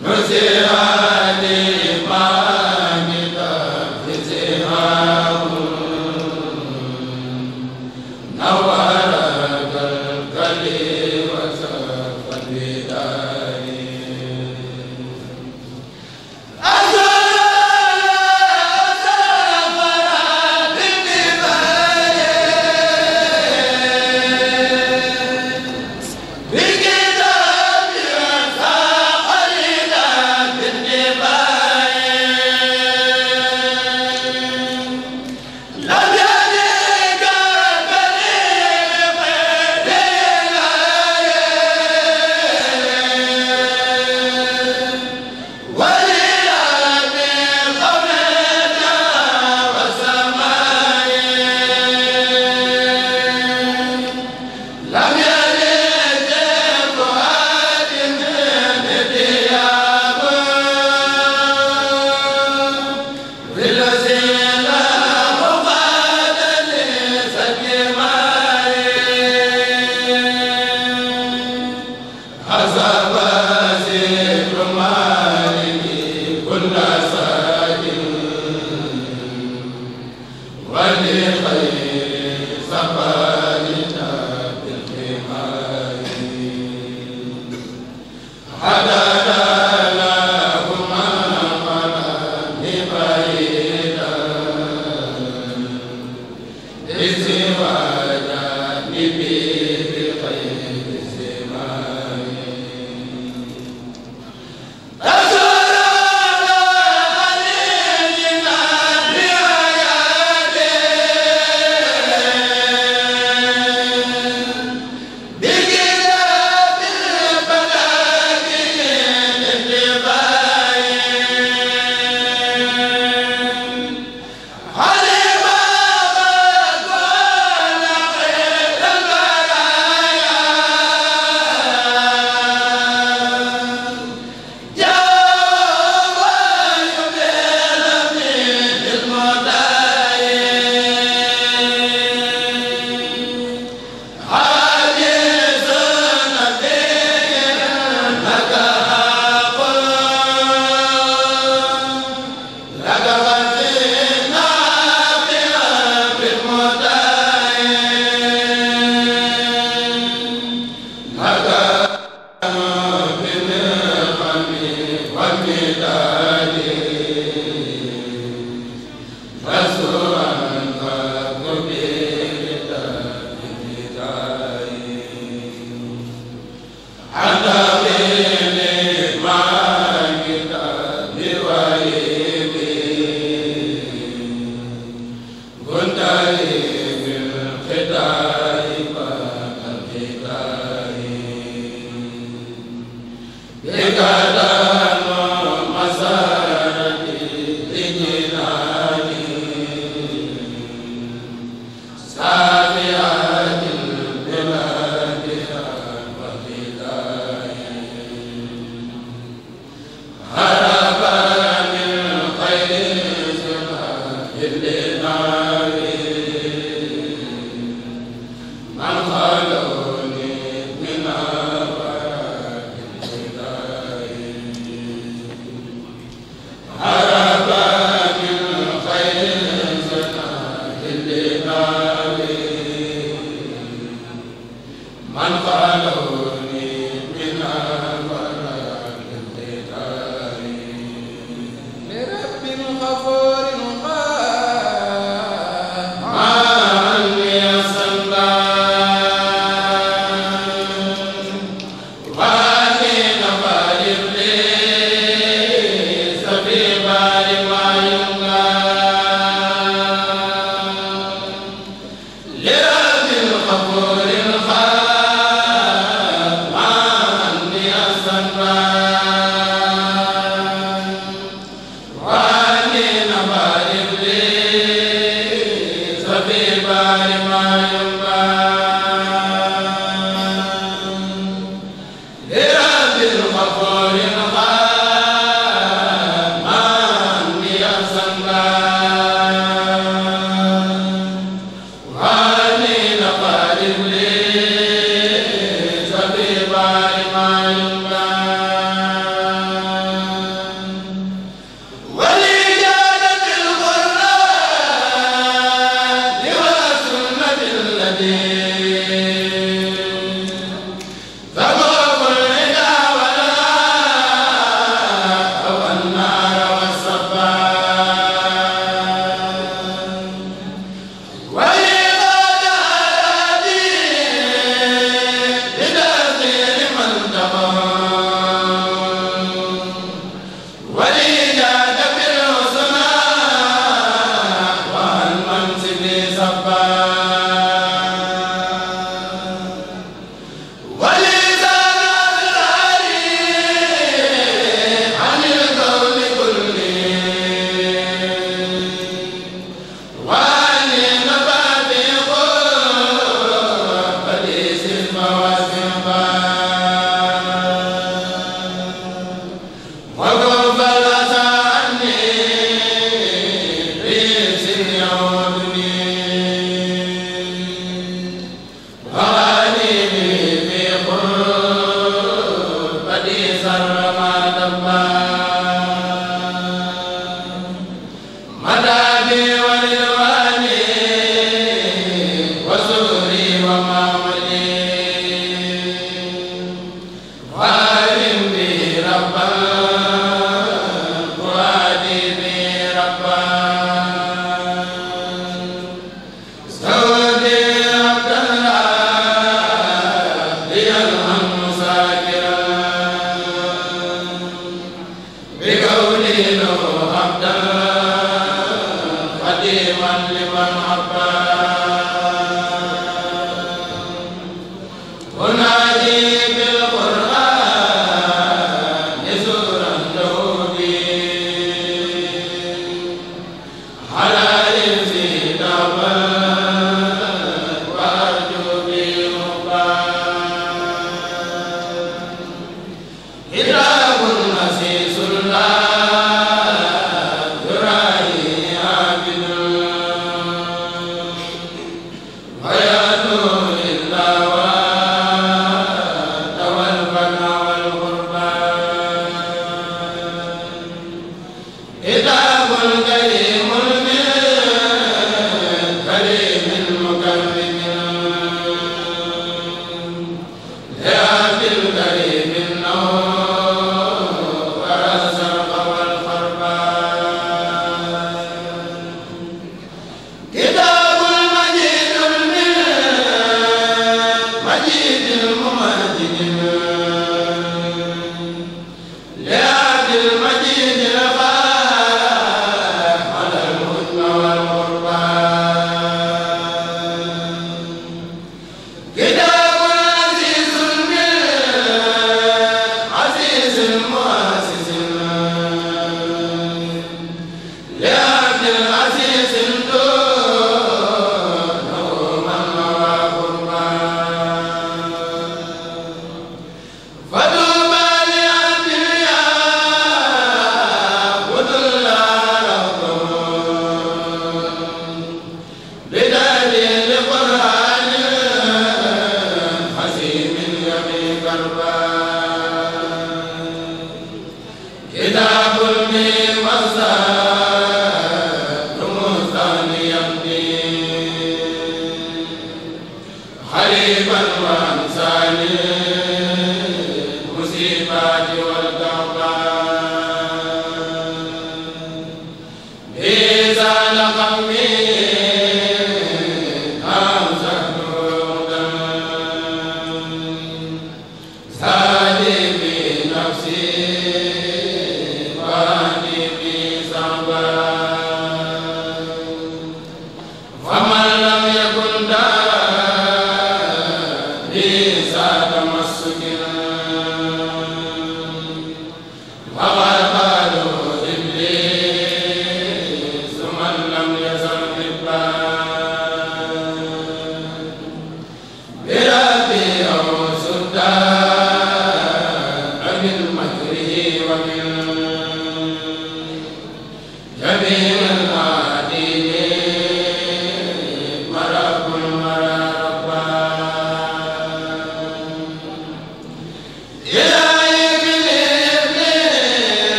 monsieur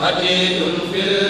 عتيد في